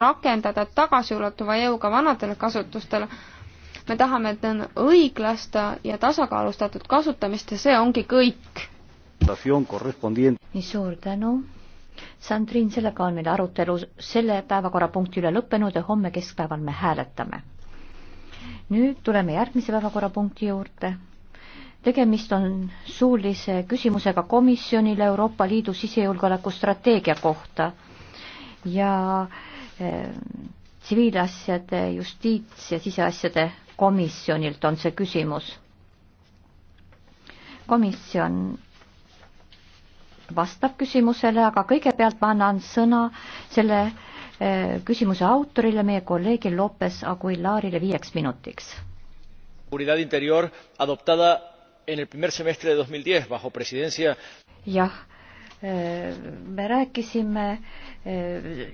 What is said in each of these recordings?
rakendada tagasiulatuva jõuga vanadele kasutustele. me tahame, et on õiglast ja tasakaalustatud kasutamist ja see ongi kõik. nii, suur tänu. Sandrin, sellega on meil arutelu selle päevakorrapunkti üle lõppenud ja homme keskpäeval me hääletame. nüüd tuleme järgmise päevakorrapunkti juurde tegemist on suulise küsimusega komisjonile Euroopa Liidu sisejulgeoleku strateegia kohta ja Äh, tsiviilasjade, justiits- ja siseasjade komisjonilt on see küsimus. komisjon vastab küsimusele, aga kõigepealt ma annan sõna selle äh, küsimuse autorile, meie kolleegil Lopes Aguilarile viieks minutiks. Seguridad interior adoptada en el primer semestre de 2010 bajo presidencia jah me rääkisime eh,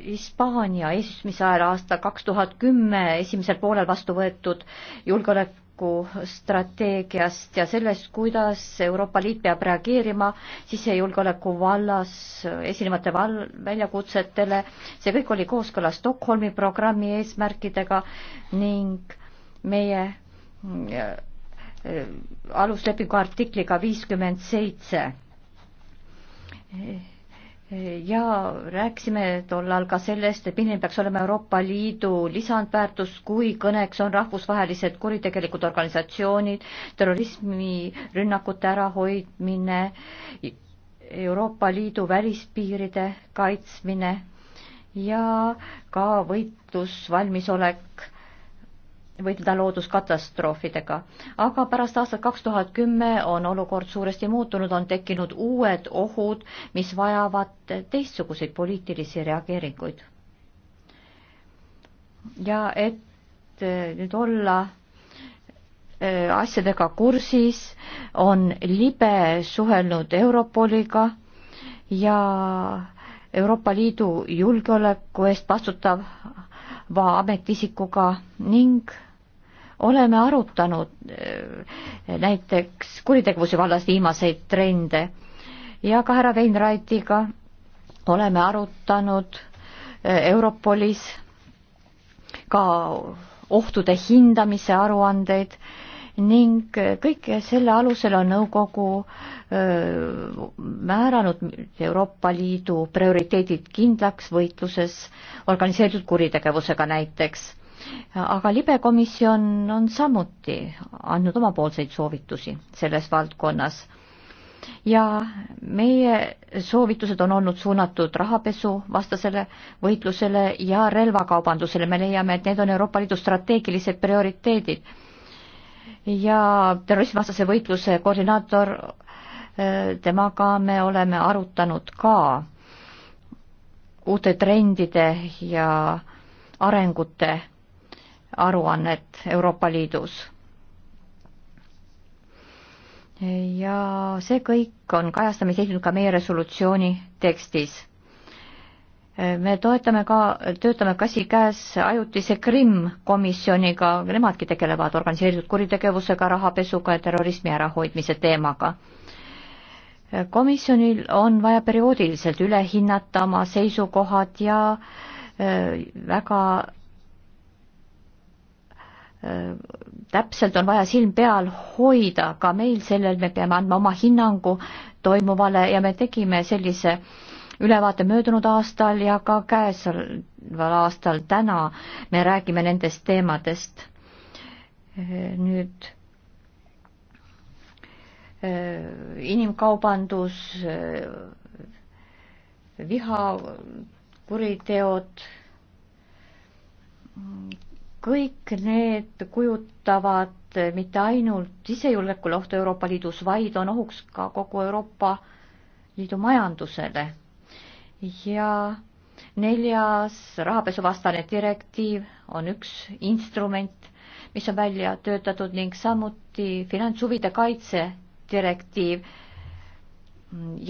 Hispaania eesistumise ajal aasta kaks tuhat kümme esimesel poolel vastu võetud julgeolekustrateegiast ja sellest, kuidas Euroopa Liit peab reageerima sisejulgeoleku vallas esinevate val-, väljakutsetele. see kõik oli kooskõlas Stockholmi programmi eesmärkidega ning meie eh, aluslepingu artikliga viiskümmend seitse ja rääkisime tollal ka sellest, et milline peaks olema Euroopa Liidu lisandväärtus, kui kõneks on rahvusvahelised kuritegelikud organisatsioonid, terrorismirünnakute ärahoidmine, Euroopa Liidu välispiiride kaitsmine ja ka võitlus, valmisolek võitleda looduskatastroofidega. aga pärast aastat kaks tuhat kümme on olukord suuresti muutunud, on tekkinud uued ohud, mis vajavad teistsuguseid poliitilisi reageeringuid. ja et e, nüüd olla e, asjadega kursis, on libe suhelnud Europoliga ja Euroopa Liidu julgeoleku eest vastutav ametiisikuga ning oleme arutanud äh, näiteks kuritegevuse vallas viimaseid trende ja ka härra Veinraitiga oleme arutanud äh, Europolis ka ohtude hindamise aruandeid ning kõike selle alusel on nõukogu öö, määranud Euroopa Liidu prioriteedid kindlaks võitluses organiseeritud kuritegevusega näiteks. aga libekomisjon on samuti andnud omapoolseid soovitusi selles valdkonnas ja meie soovitused on olnud suunatud rahapesu vastasele võitlusele ja relvakaubandusele. me leiame, et need on Euroopa Liidu strateegilised prioriteedid ja terrorismivastase võitluse koordinaator, äh, temaga me oleme arutanud ka uute trendide ja arengute aruannet Euroopa Liidus. ja see kõik on kajastamist leidnud ka meie resolutsiooni tekstis me toetame ka, töötame käsikäes ajutise Krimm komisjoniga, nemadki tegelevad organiseeritud kuritegevusega, rahapesuga ja terrorismi ärahoidmise teemaga. komisjonil on vaja perioodiliselt üle hinnata oma seisukohad ja äh, väga äh, täpselt on vaja silm peal hoida, ka meil sellel me peame andma oma hinnangu toimuvale ja me tegime sellise äh, ülevaate möödunud aastal ja ka käesoleval aastal täna me räägime nendest teemadest. nüüd inimkaubandus, vihakuriteod, kõik need kujutavad mitte ainult sisejulgeolekule ohtu Euroopa Liidus, vaid on ohuks ka kogu Euroopa Liidu majandusele ja neljas rahapesuvastane direktiiv on üks instrument, mis on välja töötatud ning samuti finantshuvide kaitse direktiiv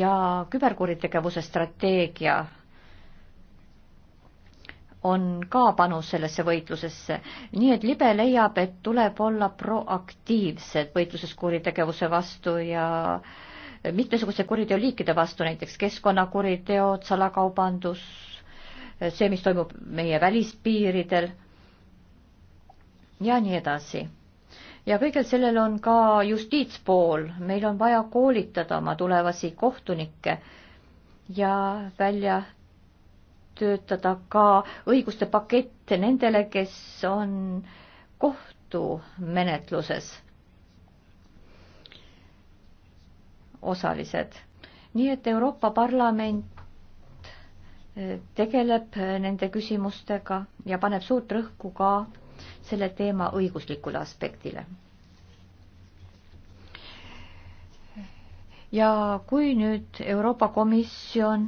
ja küberkuritegevuse strateegia on ka panus sellesse võitlusesse. nii et libe leiab, et tuleb olla proaktiivsed võitluses kuritegevuse vastu ja äh, mitmesuguste kuriteoliikide vastu, näiteks keskkonnakuriteod, salakaubandus, see, mis toimub meie välispiiridel ja nii edasi. ja kõigel sellel on ka justiitspool, meil on vaja koolitada oma tulevasi kohtunikke ja välja töötada ka õiguste pakett nendele, kes on kohtumenetluses osalised. nii et Euroopa Parlament eh, tegeleb eh, nende küsimustega ja paneb suurt rõhku ka selle teema õiguslikule aspektile. ja kui nüüd Euroopa Komisjon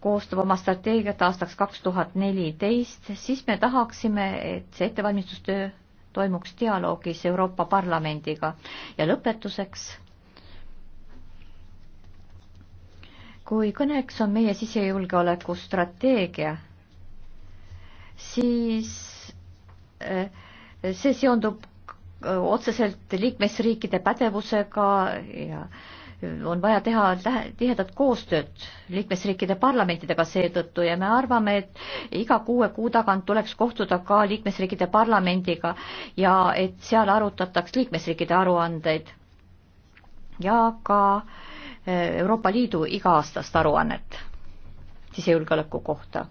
koostab oma strateegiat aastaks kaks tuhat neliteist, siis me tahaksime, et see ettevalmistustöö toimuks dialoogis Euroopa Parlamendiga ja lõpetuseks kui kõneks on meie sisejulgeoleku strateegia, siis eh, see seondub eh, otseselt liikmesriikide pädevusega ja on vaja teha tihedat koostööd liikmesriikide parlamentidega seetõttu ja me arvame, et iga kuue kuu tagant tuleks kohtuda ka liikmesriikide parlamendiga ja et seal arutataks liikmesriikide aruandeid ja ka äh, Euroopa Liidu iga-aastast aruannet sisejulgeoleku kohta.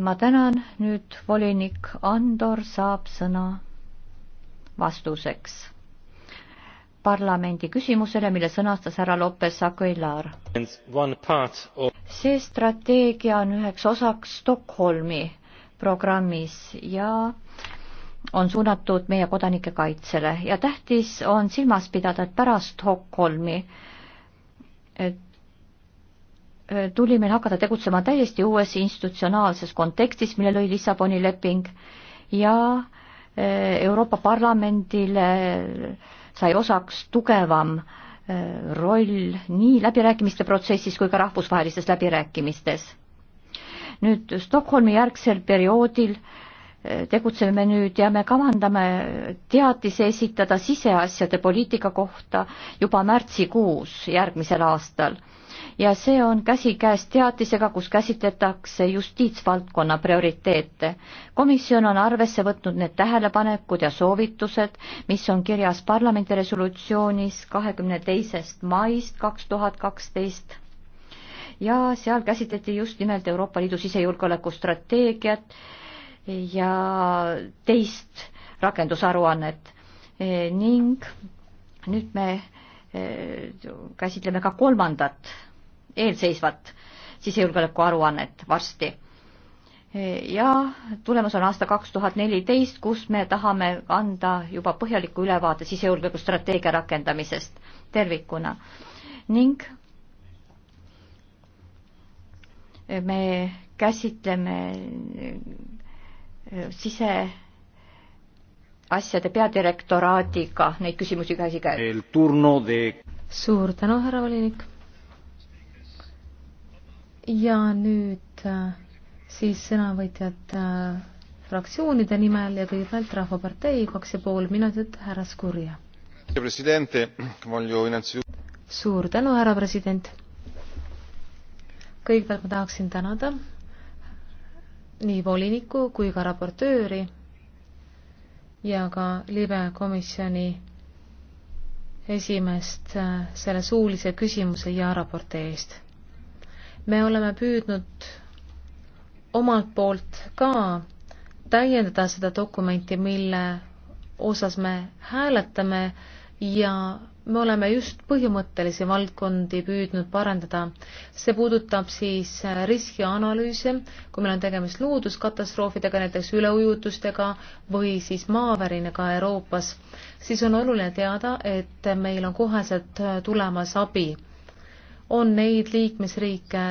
ma tänan, nüüd volinik Andor saab sõna vastuseks parlamendi küsimusele, mille sõnastas härra Lopez Aguilar. see strateegia on üheks osaks Stockholmi programmis ja on suunatud meie kodanike kaitsele ja tähtis on silmas pidada, et pärast Stockholmi e, tuli meil hakata tegutsema täiesti uues institutsionaalses kontekstis, mille lõi Lissaboni leping ja e, Euroopa Parlamendile sai osaks tugevam e, roll nii läbirääkimiste protsessis kui ka rahvusvahelistes läbirääkimistes. nüüd Stockholmi järgsel perioodil äh, tegutseme nüüd ja me kavandame teatise esitada siseasjade poliitika kohta juba märtsikuus järgmisel aastal. ja see on käsikäes teatisega, kus käsitletakse justiitsvaldkonna prioriteete. komisjon on arvesse võtnud need tähelepanekud ja soovitused, mis on kirjas parlamendi resolutsioonis kahekümne teisest maist kaks tuhat kaksteist ja seal käsitleti just nimelt Euroopa Liidu sisejulgeoleku strateegiat ja teist rakendusaruannet e, ning nüüd me e, käsitleme ka kolmandat eelseisvat sisejulgeoleku aruannet varsti. E, ja tulemus on aasta kaks tuhat neliteist, kus me tahame anda juba põhjaliku ülevaate sisejulgeolekustrateegia rakendamisest tervikuna ning me käsitleme Äh, siseasjade peadirektoraadiga neid küsimusi käsikäes. suur tänu, härra volinik. ja nüüd äh, siis sõnavõtjad äh, fraktsioonide nimel ja kõigepealt Rahvapartei kaks ja pool minutit, härra Skurja. suur tänu, härra president. kõigepealt ma tahaksin tänada nii volinikku kui ka raportööri ja ka libe komisjoni esimest äh, selle suulise küsimuse ja raporti eest. me oleme püüdnud omalt poolt ka täiendada seda dokumenti, mille osas me hääletame ja me oleme just põhimõttelisi valdkondi püüdnud parandada. see puudutab siis riskianalüüse, kui meil on tegemist looduskatastroofidega, näiteks üleujutustega või siis maavärinaga Euroopas, siis on oluline teada, et meil on koheselt tulemas abi. on neid liikmesriike,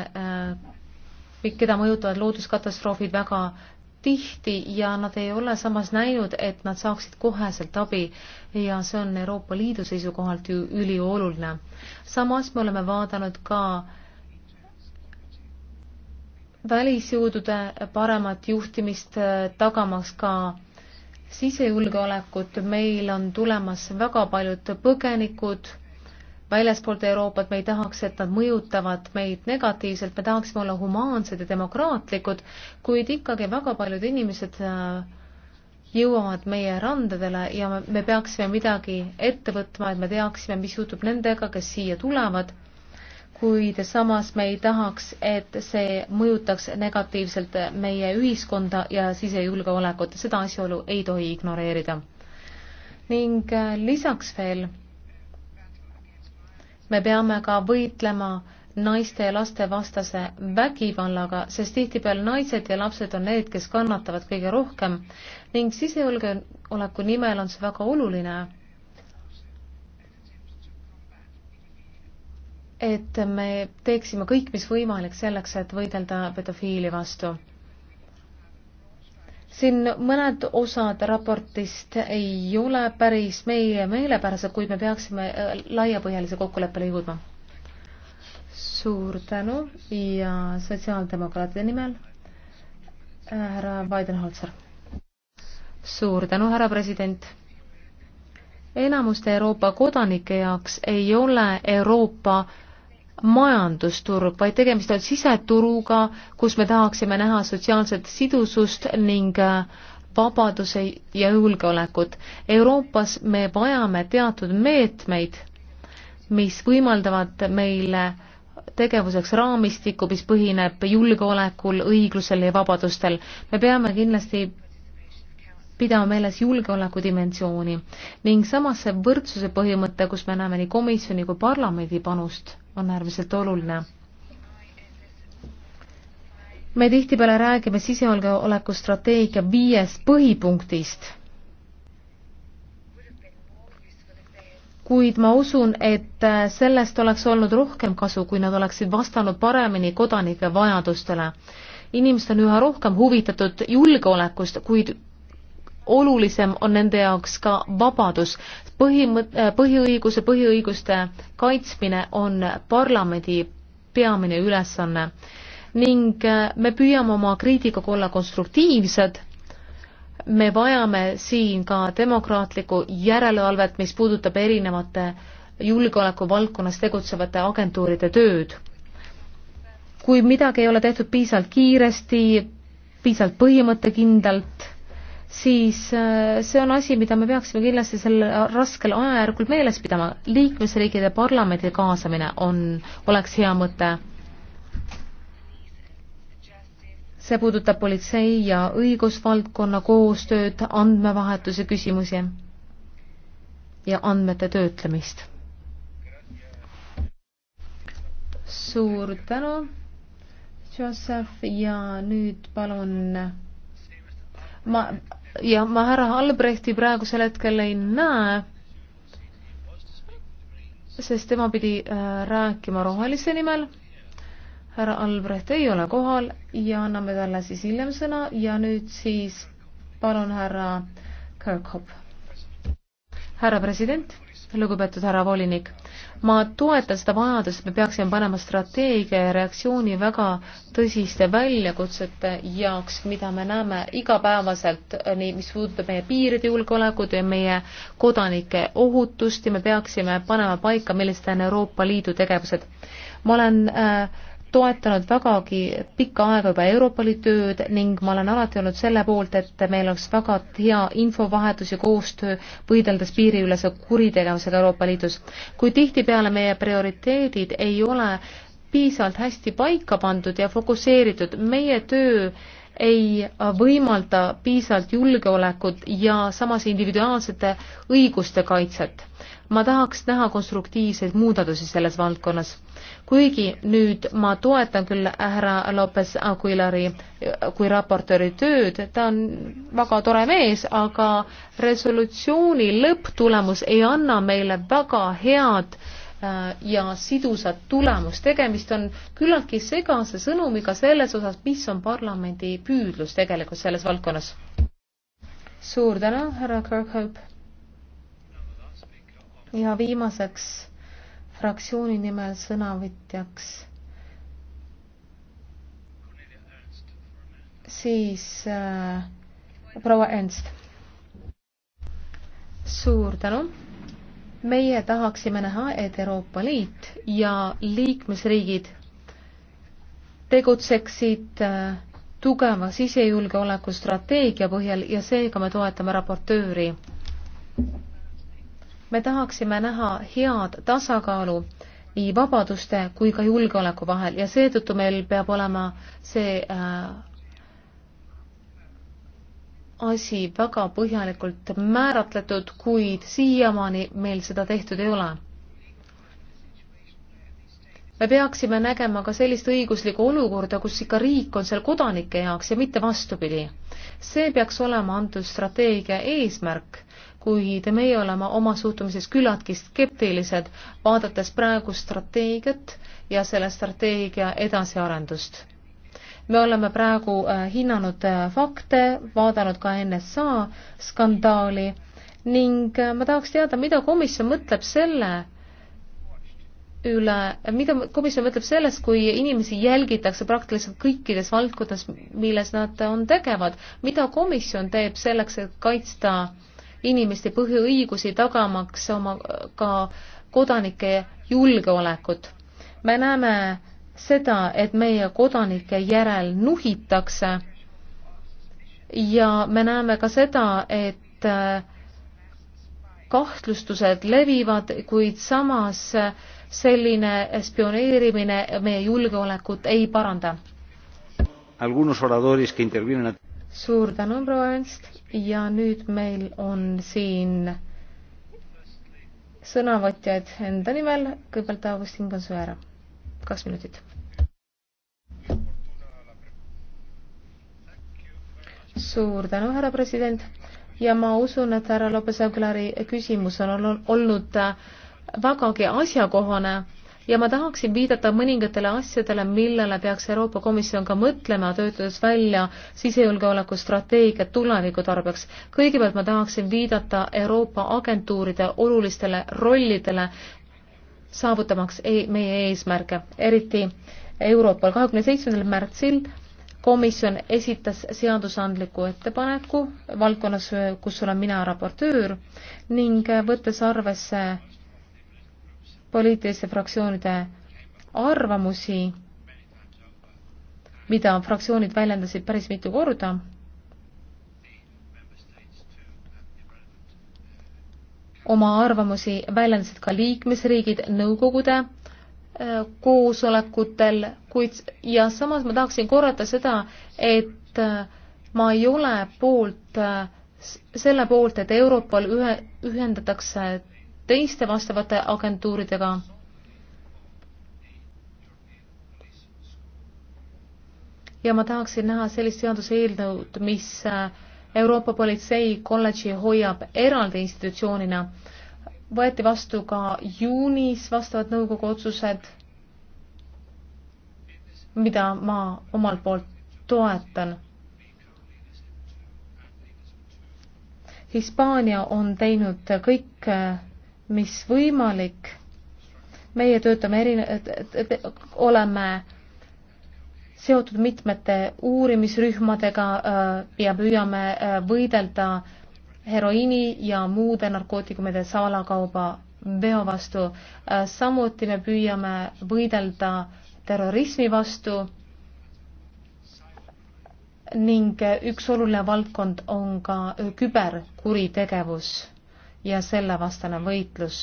eh, keda mõjutavad looduskatastroofid väga tihti ja nad ei ole samas näinud, et nad saaksid koheselt abi ja see on Euroopa Liidu seisukohalt ju ülioluline. samas me oleme vaadanud ka välisjõudude paremat juhtimist, tagamaks ka sisejulgeolekut, meil on tulemas väga paljud põgenikud väljaspoolt Euroopat, me ei tahaks, et nad mõjutavad meid negatiivselt, me tahaksime olla humaansed ja demokraatlikud, kuid ikkagi väga paljud inimesed äh, jõuavad meie randadele ja me, me peaksime midagi ette võtma, et me teaksime, mis juhtub nendega, kes siia tulevad, kuid samas me ei tahaks, et see mõjutaks negatiivselt meie ühiskonda ja sisejulgeolekut, seda asjaolu ei tohi ignoreerida. ning äh, lisaks veel me peame ka võitlema naiste ja laste vastase vägivallaga, sest tihtipeale naised ja lapsed on need, kes kannatavad kõige rohkem ning sisejulgeoleku nimel on see väga oluline, et me teeksime kõik, mis võimalik selleks, et võidelda pedofiili vastu siin mõned osad raportist ei ole päris meie meelepärased, kuid me peaksime äh, laiapõhjalise kokkuleppele jõudma. suur tänu ja sotsiaaldemokraatide nimel äh, härra Weidenholzer. suur tänu, härra president. enamuste Euroopa kodanike jaoks ei ole Euroopa majandusturg, vaid tegemist on siseturuga, kus me tahaksime näha sotsiaalset sidusust ning äh, vabaduse ja julgeolekut. Euroopas me vajame teatud meetmeid, mis võimaldavad meile tegevuseks raamistikku, mis põhineb julgeolekul, õiglusel ja vabadustel. me peame kindlasti pidama meeles julgeoleku dimensiooni ning samasse võrdsuse põhimõte, kus me näeme nii komisjoni kui parlamendi panust on äärmiselt oluline. me tihtipeale räägime sisejulgeoleku strateegia viiest põhipunktist, kuid ma usun, et sellest oleks olnud rohkem kasu, kui nad oleksid vastanud paremini kodanike vajadustele. inimesed on üha rohkem huvitatud julgeolekust, kuid olulisem on nende jaoks ka vabadus. põhimõt-, äh, põhiõiguse, põhiõiguste kaitsmine on parlamendi peamine ülesanne ning äh, me püüame oma kriitikaga olla konstruktiivsed, me vajame siin ka demokraatlikku järelevalvet, mis puudutab erinevate julgeolekuvaldkonnas tegutsevate agentuuride tööd. kui midagi ei ole tehtud piisavalt kiiresti, piisavalt põhimõttekindlalt, siis äh, see on asi, mida me peaksime kindlasti sel raskel ajajärgul meeles pidama. liikmesriikide parlamendi kaasamine on, oleks hea mõte. see puudutab politsei ja õigusvaldkonna koostööd, andmevahetuse küsimusi ja andmete töötlemist. suur tänu, Joseph, ja nüüd palun ma ja ma härra Albrechti praegusel hetkel ei näe, sest tema pidi äh, rääkima rohelise nimel. härra Albrecht ei ole kohal ja anname talle siis hiljem sõna ja nüüd siis palun härra Kirkhope. härra president, lugupeetud härra volinik ma toetan seda vajadust, et me peaksime panema strateegia ja reaktsiooni väga tõsiste väljakutsete jaoks, mida me näeme igapäevaselt, nii mis puudutab meie piiride julgeolekut ja meie kodanike ohutust ja me peaksime panema paika, millised on Euroopa Liidu tegevused. ma olen äh, toetanud vägagi pikka aega juba Euroopa Liidu tööd ning ma olen alati olnud selle poolt, et meil oleks väga hea infovahetus ja koostöö võideldes piiriülese kuritegevusega Euroopa Liidus. kui tihtipeale meie prioriteedid ei ole piisavalt hästi paika pandud ja fokusseeritud, meie töö äh, ei võimalda piisavalt julgeolekut ja samas individuaalsete õiguste kaitset. ma tahaks näha konstruktiivseid muudatusi selles valdkonnas. kuigi nüüd ma toetan küll härra Lopez Aguilari kui raportööri tööd, ta on väga tore mees, aga resolutsiooni lõpptulemus ei anna meile väga head äh, Äh, ja sidusat tulemust. tegemist on küllaltki segase sõnumiga selles osas, mis on parlamendi püüdlus tegelikult selles valdkonnas. suur tänu, härra Kirkhope. ja viimaseks fraktsiooni nimel sõnavõtjaks siis äh, proua Ernst. suur tänu meie tahaksime näha, et Euroopa Liit ja liikmesriigid tegutseksid äh, tugeva sisejulgeoleku strateegia põhjal ja seega me toetame raportööri. me tahaksime näha head tasakaalu nii vabaduste kui ka julgeoleku vahel ja seetõttu meil peab olema see äh, asi väga põhjalikult määratletud, kuid siiamaani meil seda tehtud ei ole. me peaksime nägema ka sellist õiguslikku olukorda, kus ikka riik on seal kodanike jaoks ja mitte vastupidi. see peaks olema antud strateegia eesmärk, kuid meie oleme oma suhtumises küllaltki skeptilised, vaadates praegust strateegiat ja selle strateegia edasiarendust me oleme praegu äh, hinnanud äh, fakte, vaadanud ka NSA skandaali ning äh, ma tahaks teada, mida komisjon mõtleb selle üle, mida komisjon mõtleb sellest, kui inimesi jälgitakse praktiliselt kõikides valdkondades, milles nad on tegevad, mida komisjon teeb selleks, et kaitsta inimeste põhiõigusi, tagamaks oma ka kodanike julgeolekut? me näeme äh, seda, et meie kodanike järel nuhitakse ja me näeme ka seda, et äh, kahtlustused levivad, kuid samas äh, selline spioneerimine meie julgeolekut ei paranda. suur tänu, proua Ernst ja nüüd meil on siin sõnavõtjaid enda nimel, kõigepealt Augustin Konsuera kaks minutit. suur tänu, härra president ja ma usun, et härra Lopes-Aglari küsimus on olnud äh, vägagi asjakohane ja ma tahaksin viidata mõningatele asjadele, millele peaks Euroopa Komisjon ka mõtlema, töötades välja sisejulgeoleku strateegiat tuleviku tarbeks. kõigepealt ma tahaksin viidata Euroopa agentuuride olulistele rollidele, saavutamaks meie eesmärke, eriti Euroopal. kahekümne seitsmendal märtsil komisjon esitas seadusandliku ettepaneku valdkonnas, kus olen mina raportöör ning võttes arvesse poliitiliste fraktsioonide arvamusi, mida fraktsioonid väljendasid päris mitu korda oma arvamusi väljendasid ka liikmesriigid nõukogude äh, koosolekutel, kuid ja samas ma tahaksin korrata seda, et äh, ma ei ole poolt, äh, selle poolt, et Europol ühe, ühendatakse teiste vastavate agentuuridega. ja ma tahaksin näha sellist seaduseelnõud, mis äh, Euroopa Politsei kolledži hoiab eraldi institutsioonina. võeti vastu ka juunis vastavad nõukogu otsused, mida ma omalt poolt toetan. Hispaania on teinud kõik, mis võimalik meie töötame eri, oleme seotud mitmete uurimisrühmadega äh, ja püüame äh, võidelda heroiini ja muude narkootikumide salakauba veo vastu. Äh, samuti me püüame võidelda terrorismi vastu ning üks oluline valdkond on ka küberkuritegevus ja sellevastane võitlus.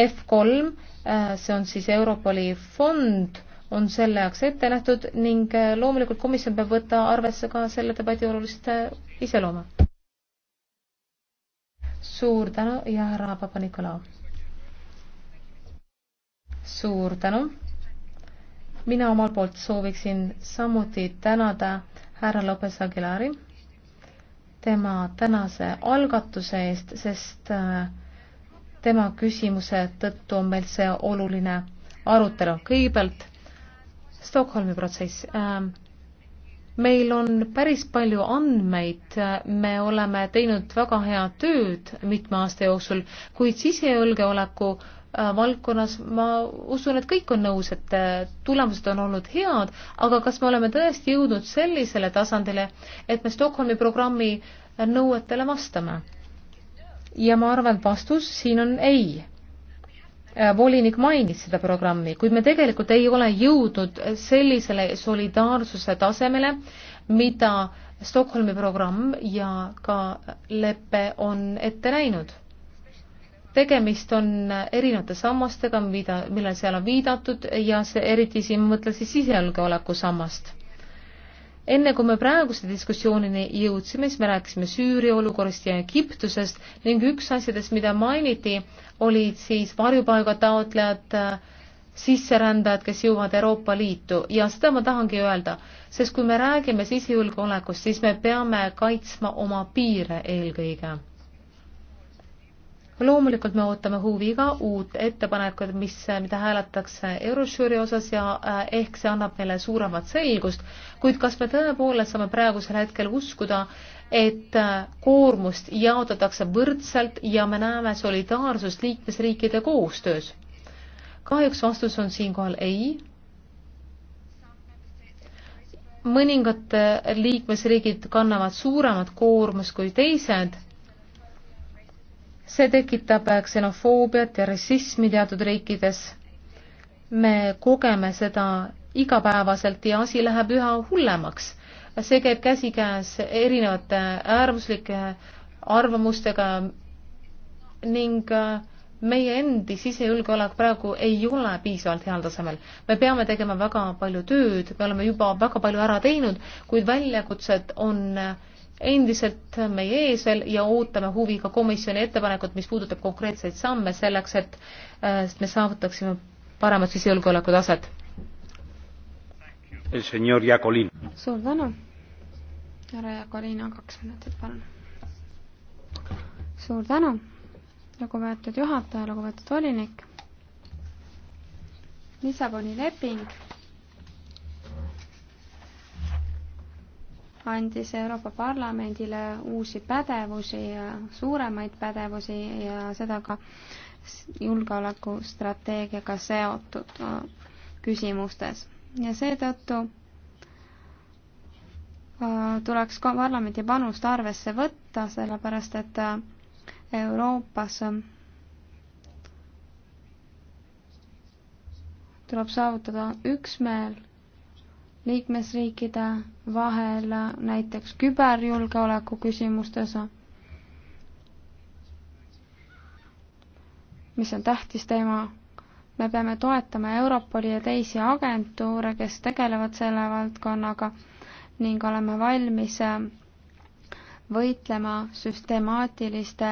F3, see on siis Europoli fond on selle jaoks ette nähtud ning äh, loomulikult komisjon peab võtta arvesse ka selle debati olulist äh, iseloomu. suur tänu ja härra Papa-Nikolau. suur tänu. mina omalt poolt sooviksin samuti tänada härra Lopez Aguilari tema tänase algatuse eest, sest äh, tema küsimuse tõttu on meil see oluline arutelu. kõigepealt Stockholmi protsess ähm, meil on päris palju andmeid, me oleme teinud väga head tööd mitme aasta jooksul, kuid sisejulgeoleku äh, valdkonnas ma usun, et kõik on nõus, et äh, tulemused on olnud head, aga kas me oleme tõesti jõudnud sellisele tasandile, et me Stockholmi programmi nõuetele vastame? ja ma arvan, et vastus siin on ei Äh, volinik mainis seda programmi, kuid me tegelikult ei ole jõudnud sellisele solidaarsuse tasemele, mida Stockholmi programm ja ka lepe on ette näinud. tegemist on erinevate sammastega, mida, millele seal on viidatud ja see eriti siin mõtlen siis sisejulgeoleku sammast enne kui me praeguse diskussioonini jõudsime, siis me rääkisime Süüria olukorrast ja Egiptusest ning üks asjadest, mida mainiti, olid siis varjupaigataotlejad, sisserändajad, kes jõuavad Euroopa Liitu ja seda ma tahangi öelda, sest kui me räägime sisejulgeolekust, siis me peame kaitsma oma piire eelkõige loomulikult me ootame huviga uut ettepanekut, mis, mida hääletatakse Eurožüüri osas ja äh, ehk see annab meile suuremat selgust, kuid kas me tõepoolest saame praegusel hetkel uskuda, et äh, koormust jaotatakse võrdselt ja me näeme solidaarsust liikmesriikide koostöös? kahjuks vastus on siinkohal ei. mõningad liikmesriigid kannavad suuremat koormust kui teised see tekitab äh, ksenofoobiat ja rassismi teatud riikides. me kogeme seda igapäevaselt ja asi läheb üha hullemaks. see käib käsikäes erinevate äärmuslike arvamustega ning äh, meie endi sisejulgeolek praegu ei ole piisavalt heal tasemel. me peame tegema väga palju tööd, me oleme juba väga palju ära teinud, kuid väljakutsed on äh, endiselt meie eesel ja ootame huviga komisjoni ettepanekut, mis puudutab konkreetseid samme selleks, et äh, me saavutaksime paremat sisejulgeoleku taset. suur tänu. härra Jakolina, kaks minutit, palun. suur tänu, lugupeetud juhataja, lugupeetud volinik. Lissaboni leping andis Euroopa Parlamendile uusi pädevusi ja suuremaid pädevusi ja seda ka julgeolekustrateegiaga seotud äh, küsimustes. ja seetõttu äh, tuleks ka parlamendi panust arvesse võtta, sellepärast et äh, Euroopas tuleb saavutada üksmeel liikmesriikide vahel näiteks küberjulgeoleku küsimustes, mis on tähtis teema. me peame toetama Europoli ja teisi agentuure, kes tegelevad selle valdkonnaga ning oleme valmis võitlema süstemaatiliste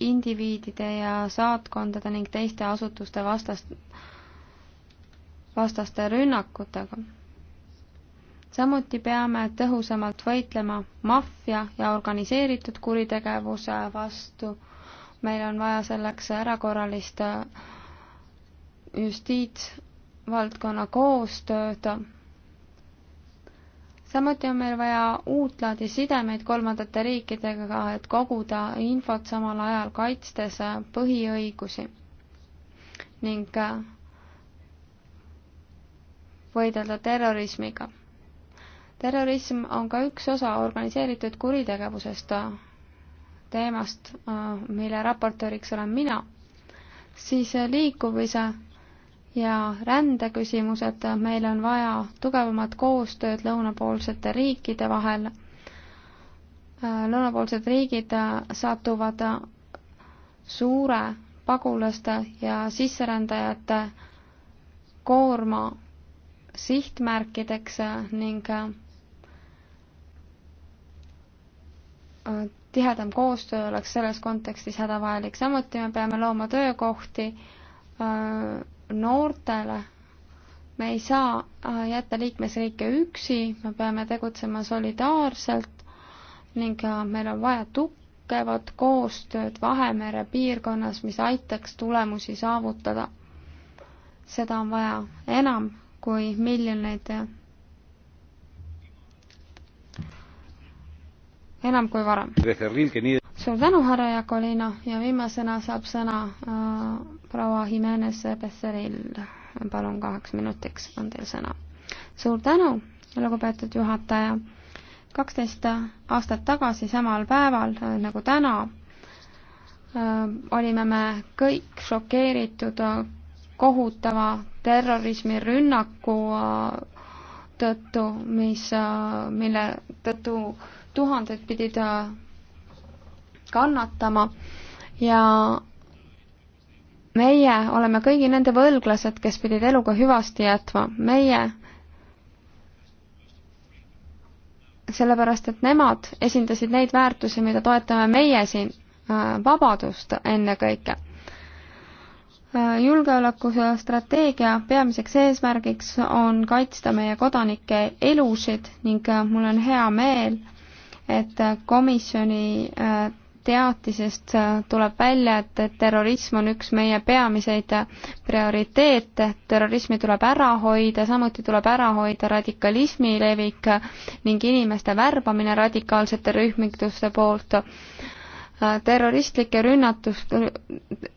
indiviidide ja saatkondade ning teiste asutuste vastast, vastaste rünnakutega samuti peame tõhusamalt võitlema maffia ja organiseeritud kuritegevuse vastu. meil on vaja selleks erakorralist äh, justiitsvaldkonna koostööd. samuti on meil vaja uut laadi sidemeid kolmandate riikidega, et koguda infot samal ajal kaitstes äh, põhiõigusi ning äh, võidelda terrorismiga terrorism on ka üks osa organiseeritud kuritegevusest, äh, teemast, äh, mille raportööriks olen mina, siis äh, liikuvuse ja rändeküsimused, meil on vaja tugevamat koostööd lõunapoolsete riikide vahel. lõunapoolsed riigid satuvad suure pagulaste ja sisserändajate koorma sihtmärkideks ning tihedam koostöö oleks selles kontekstis hädavajalik, samuti me peame looma töökohti äh, noortele. me ei saa äh, jätta liikmesriike üksi, me peame tegutsema solidaarselt ning äh, meil on vaja tugevat koostööd Vahemere piirkonnas, mis aitaks tulemusi saavutada. seda on vaja enam kui miljoneid enam kui varem. suur tänu, härra Jakolino ja viimasena saab sõna äh, proua Jimenez Becerril. palun, kaheks minutiks on teil sõna. suur tänu, lugupeetud juhataja. kaksteist aastat tagasi samal päeval äh, nagu täna äh, olime me kõik šokeeritud äh, kohutava terrorismirünnaku äh, tõttu, mis, mille tõttu tuhanded pidid kannatama ja meie oleme kõigi nende võlglased, kes pidid eluga hüvasti jätma, meie sellepärast, et nemad esindasid neid väärtusi, mida toetame meie siin, äh, vabadust ennekõike. Äh, julgeolekustrateegia peamiseks eesmärgiks on kaitsta meie kodanike elusid ning äh, mul on hea meel, et komisjoni äh, teatisest äh, tuleb välja, et terrorism on üks meie peamiseid äh, prioriteete, terrorismi tuleb ära hoida, samuti tuleb ära hoida radikalismi levik ning inimeste värbamine radikaalsete rühmituste poolt Äh, terroristlike rünnatus,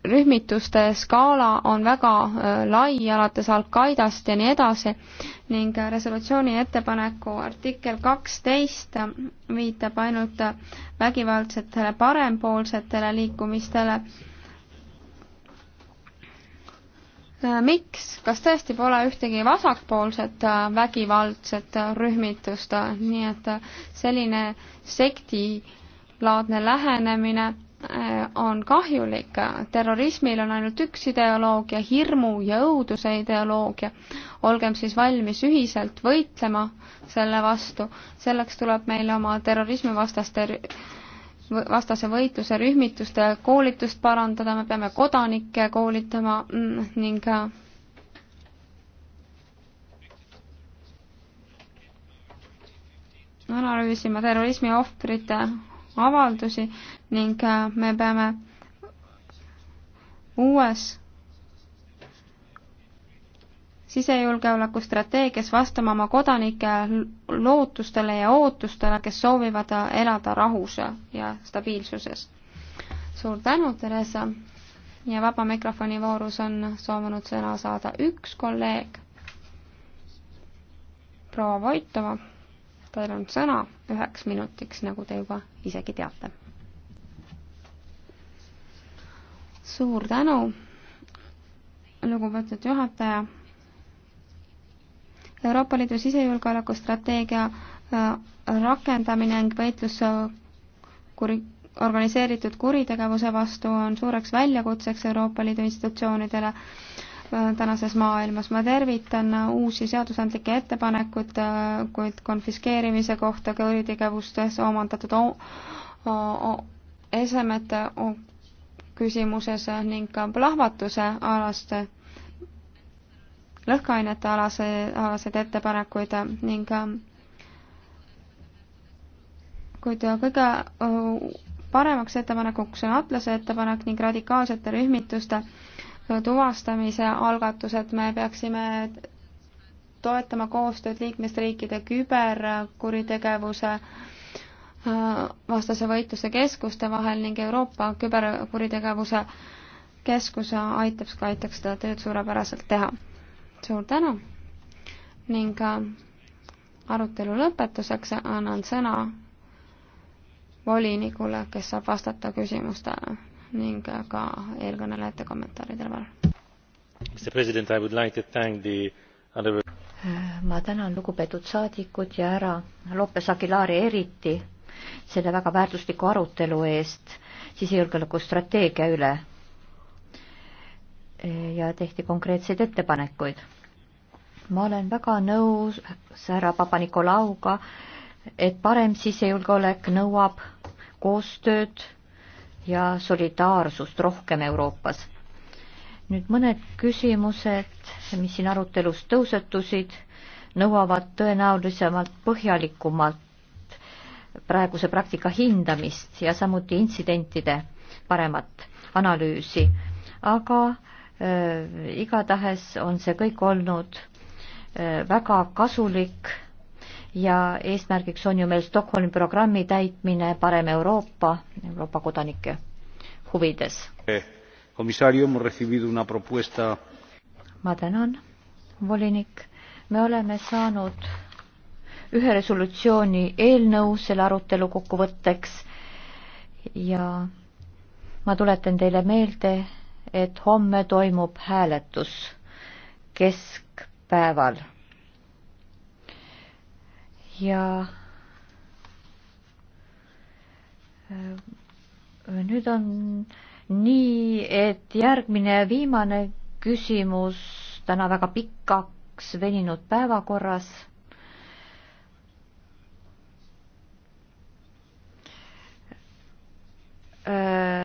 rühmituste skaala on väga äh, lai, alates Al-Qaidast ja nii edasi ning äh, resolutsiooni ettepaneku artikkel kaksteist viitab ainult vägivaldsetele parempoolsetele liikumistele miks, kas tõesti pole ühtegi vasakpoolset vägivaldset rühmitust, nii et selline sekti laadne lähenemine äh, on kahjulik. terrorismil on ainult üks ideoloogia, hirmu ja õuduse ideoloogia. olgem siis valmis ühiselt võitlema selle vastu. selleks tuleb meil oma terrorismivastaste vastase võitluse rühmituste koolitust parandada, me peame kodanikke koolitama mm, ning äh, analüüsima terrorismi ohvrite avaldusi ning äh, me peame uues sisejulgeoleku strateegias vastama oma kodanike lootustele ja ootustele, kes soovivad elada rahus ja stabiilsuses. suur tänu, Theresa! ja vaba mikrofoni voorus on soovinud sõna saada üks kolleeg, proua Voitova Teil on sõna üheks minutiks, nagu te juba isegi teate. suur tänu, lugupeetud juhataja. Euroopa Liidu sisejulgeolekustrateegia äh, rakendamine ning võitlus äh, kuri-, organiseeritud kuritegevuse vastu on suureks väljakutseks Euroopa Liidu institutsioonidele tänases maailmas. ma tervitan uusi seadusandlikke ettepanekuid, äh, kuid konfiskeerimise kohta kuritegevustes omandatud esemete küsimuses ning ka plahvatuse alaste lõhkeainete alase, alaseid ettepanekuid ning äh, kuid kõige äh, paremaks ettepanekuks on atlase ettepanek ning radikaalsete rühmituste äh, tuvastamise algatused, me peaksime toetama koostööd liikmesriikide küberkuritegevuse äh, vastase võitluse keskuste vahel ning Euroopa küberkuritegevuse keskus aitab, aitaks seda tööd suurepäraselt teha. suur tänu ning äh, arutelu lõpetuseks annan sõna volinikule, kes saab vastata küsimustele ning ka eelkõnelejate kommentaaridele vahel. ma tänan lugupeetud saadikud ja härra Lopes Aguilari eriti selle väga väärtusliku arutelu eest sisejulgeolekustrateegia üle ja tehti konkreetseid ettepanekuid. ma olen väga nõus härra Papa-Nikolauga, et parem sisejulgeolek nõuab koostööd ja solidaarsust rohkem Euroopas. nüüd mõned küsimused, mis siin arutelus tõusetusid, nõuavad tõenäolisemalt põhjalikumalt praeguse praktika hindamist ja samuti intsidentide paremat analüüsi, aga äh, igatahes on see kõik olnud äh, väga kasulik ja eesmärgiks on ju meil Stockholmi programmi täitmine Parem Euroopa, Euroopa kodanike huvides. ma tänan, volinik. me oleme saanud ühe resolutsiooni eelnõu selle arutelu kokkuvõtteks ja ma tuletan teile meelde, et homme toimub hääletus keskpäeval ja äh, nüüd on nii, et järgmine ja viimane küsimus täna väga pikaks veninud päevakorras. Äh,